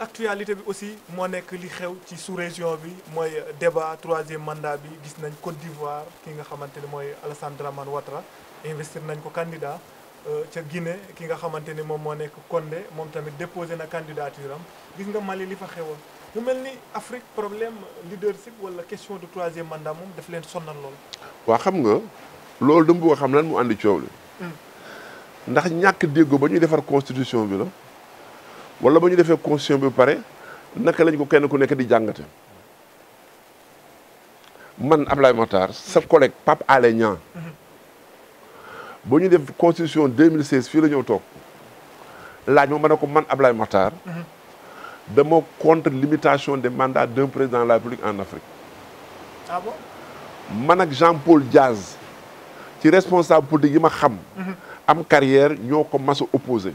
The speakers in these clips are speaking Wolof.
actualité bi aussi moo nekk li xew ci sous-région bi moy débat troisième mandat bi gis nañ Côte d'Ivoire ki nga xamanteni moy mooy Alassane Dramane Ouattara investir nañ ko candidat euh, ci Guinée ki nga xamanteni mom mo nek Condé mom tamit déposé na candidature am gis nga Mali li fa xewal mu melni Afrique problème leadership wala question de troisième mandat mom daf leen sonnal lool. wa xam nga lool dama bu xam lan mu andi coow hmm. ndax ñak déggo ba ñuy constitution bi la wala bañu ñu constitution bi paré naka lañ ko kenn ku di man Ablaye Matar sa collègue Pape Alé def constitution 2016 fii la ñëw toog man Matar contre limitation des mandats d'un président de la République en Afrique ah bon man Jean-Paul Diaz ci responsable politique yi ma xam mhm. am carrière ñoo ko commencé à opposé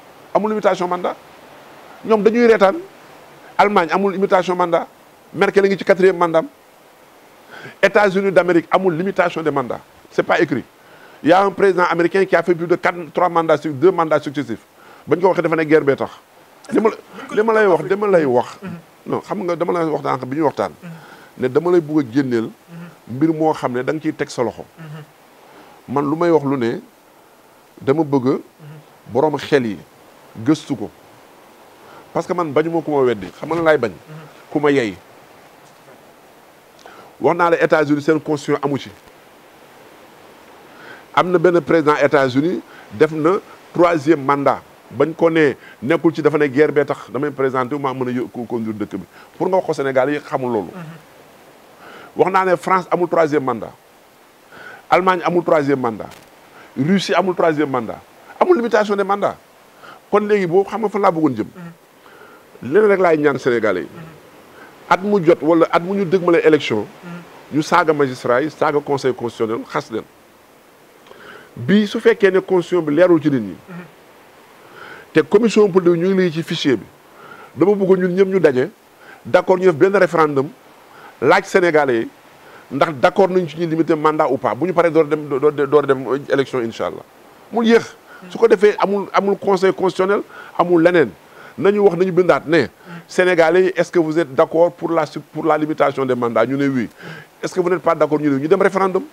amul limitation mandat ñom dañuy rétane Allemagne amul limitation mandat Merkel a ngi ci 4e mandat États-Unis d'Amérique amul limitation de mandat c'est pas écrit il y a un président américain qui a fait plus de 4 3 mandats sur deux mandats successifs bañ ko waxe dafa ne guerre bee tax. lima lay wax dama lay wax. Mhm. non xam nga dama lay wax daanaka biñu ñuy né mhm. dama lay bugg a mhm. mbir mo xamné dang ci nga ciy teg sa loxo. man lu wax lu né dama bëgg. borom xel yi. gëstu ko parce que man bañu ma ku ma weddi xam na laay bañ ku ma yey wax naa la États-Unis seen constitution amu ci am na benn président États-Unis def na troisième mandat bañ ko nee nekkul ci dafa ne guerre bee tax damay présenté maa mën a ko conduire dëkk bi pour nga wax ko Sénégal yi xamul loolu wax naa ne France amul troisième mandat Allemagne amul troisième mandat Russie amul troisième mandat amul limitation des mandats kon léegi boo xam nga fa laa bëggoon jëm leneen rek laay ñaan sénégalais yi at mu jot wala at mu ñu dëgmale élection ñu saaga magistrat yi saaga conseil constitutionnel xas leen bii su fekkee ne constitution bi leerul ci nit ñi te commission politique ñu ngi lay ci fichier bi dama bëgg ñun ñëpp ñu daje d'accord ñu def benn référendum laaj sénégalais yi ndax d'accord nañ ci ñuy limiter mandat ou pas bu ñu paree door dem door dem élection incha allah mu yéex. su ko defee amul amul conseil constitutionnel amul leneen nañu wax nañu bindaat ne sénégalais est-ce que vous êtes d'accord pour la pour la limitation des mandats ñu ne oui est-ce que vous n'êtes pas d'accord ñu ne ñu dem référendum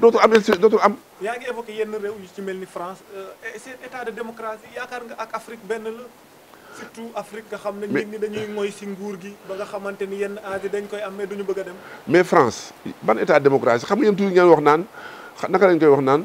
dootul am dootul am. yaa évoqué yenn réew yu ci mel ni France euh, c'est état de démocratie yaakaar nga ak Afrique benn la surtout Afrique nga xam ne nit ñi dañuy mooy si nguur gi ba nga xamante yenn aadi dañ koy am mais duñu bëgg a mais France ban état de démocratie xam nga yéen tuuti ngeen wax naan naka lañ koy wax naan.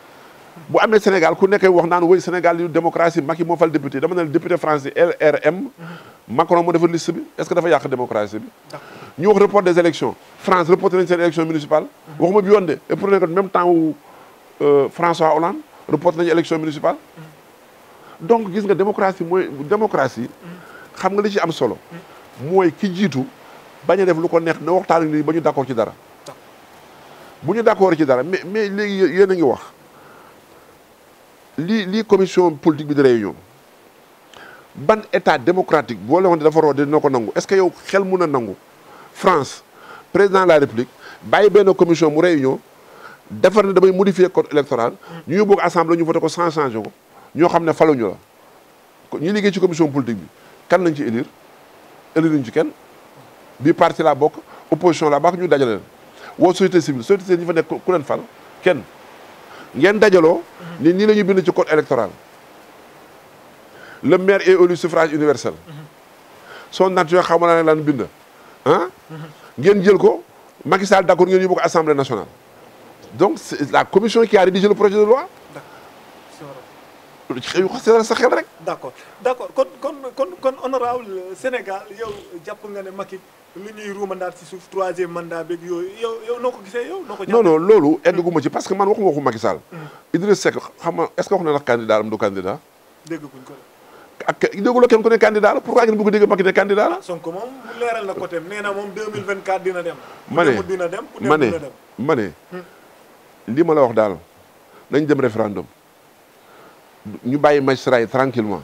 bu amee Sénégal ku nekk wax naan yu démocratie Macky moo fal député dama ne député français LRM. Macron moo defar liste bi est-ce que dafa yàq démocratie bi. ñu wax report des élections France reporté nañ seen élection municipale. waxuma bi yoon de et pour ne même temps euh, François Hollande reporté nañu élection municipale. donc gis nga démocratie mooy démocratie. xam nga li ci am solo. mooy ki jiitu bañ a def lu ko neex na waxtaan ak ba ñu d'accord ci dara. bu ñu d'accord ci dara mais mais léegi yéen a ngi wax. Li commission politique bi de réunion ban état démocratique boo leen waxee dafa war dina ko nangu est-ce que yow xel mun a nangu France président de la République bien benn commission mu réunion defar ne damay modifier code électoral ñu yóbbu ko assemblée ñu voté ko sans changer ko ñoo xam ne faluñu la ñu liggéey ci commission politique bi kan lañ ci élire élire ñu ci kenn bi parti là-bas, opposition laa bokk ñu dajale leen woo société civile société civile ñi fa nekk ku leen fal kenn. ngeen dajaloo ni nii la bind ci code électoral le maire est élu suffrage universel son nature xaw ma naa ne bind ah ngeen jël ko Macky Sall d'accord ngeen yóbbu ko assemblée nationale donc la commission qui a rédigé le projet de loi xëy na sa xel rek. d'accord kon kon kon kon honorable Sénégal yow jàpp nga lu ñuy ruumandaat ci suuf troisième mandat beeg yooyu yow yow noo ko gisee yow. noo ko non non loolu egguma ci parce que man waxuma waxu Macky Sall. Mm. Idriss Seck xam nga est ce que wax na nag candidat am du candidat. dégg kuñ ko ak dégguloo kenn ku ne candidat la pourquoi ngeen bëgg a dégg Macky ne candidat la. Ah, Sonko moom mu leeral la côté nee na moom 2024 dina dem. ma ne dina dem ma ne ma hmm. ne lii ma la wax daal nañ dem référendum ñu bàyyi magistrat yi tranquillement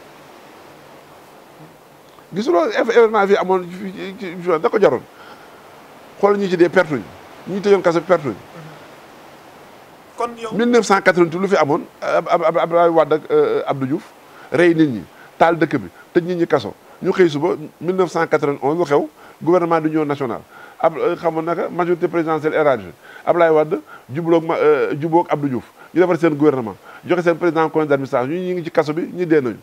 gisuloo événement fii amoon fii da ko jaroon xool ñi ci dee pertuñ ñi tëjoon kaso pertuñ kon yow 1988 lu fi amoon Abdoulaye Wade ak euh, Abdou Diouf rey nit ñi taal dëkk bi tëj nit ñi kaso ñu xëy suba 1991 lu national gouvernement d'union nationale ab euh, xamoon naka majorité présidentielle éradiquée Abdoulaye Wade jubloog ma ab euh, Abdou Diouf ñu defar seen gouvernement joxe seen président conseil d'administration ñu ngi ci kaso bi ñu dee nañu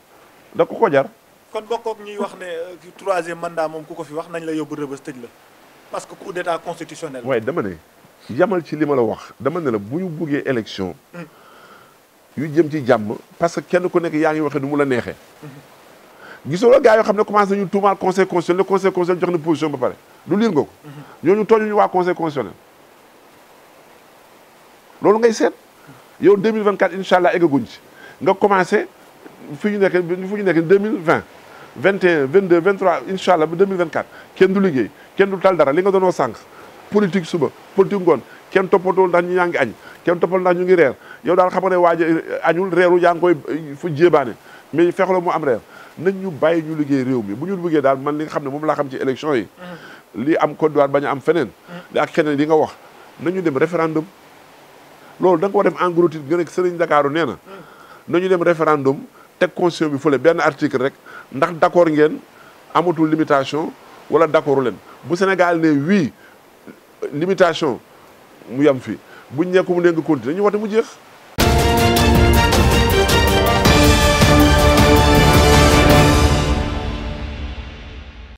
da ko ko jar kon bokok ñuy wax né euh, troisième mandat mom ku ko fi wax nañ la yóbbu rëbës tëj la parce que coup d'état constitutionnel. waaye dama né yamal ci lima la wax dama né la buñu ñu élection. Hmm. yu jëm ci jamm parce que kenn ku nekk yaa ngi waxee du mu la neexee. Hmm. gisuloo gars yoo xam ne commencé nañu tuumaal conseil constitutionnel le conseil constitutionnel jox na position ba pare du liir nga ko. Hmm. ñooñu toñu ñu waa conseil constitutionnel. loolu ngay seet yow 2024 inshallah allah eggaguñ ci nga commencé fi ñu nekk fu ñu nekk 2020. 21 22 23 incha allah ba 2024 kenn du liggéey kenn du tal dara li nga doonoo sànq politique suba politique ngoon kenn toppatool ndax ñu ñaa ngi añ kenn toppatool ndax ñu ngi reer euh, euh, ñu bàyyi ñu liggéey réew mi bu ñu liggéey daal man li nga xam ne moom laa xam ci élection yi mm. li am Côte d'Ivoire bañ a am feneen li mm. ak xeneen li nga wax nañu dem référendum loolu da nga ko def en gros titre nga nekk sëriñ Dakaaru nee na mm. nañu dem référendum teg constitution bi fële benn ndax d' accord ngeen amatul limitation wala d' accordu leen bu Sénégal ne oui limitation mu yem fii buñ nekk mu ne nga continuer ñu woote mu jeex.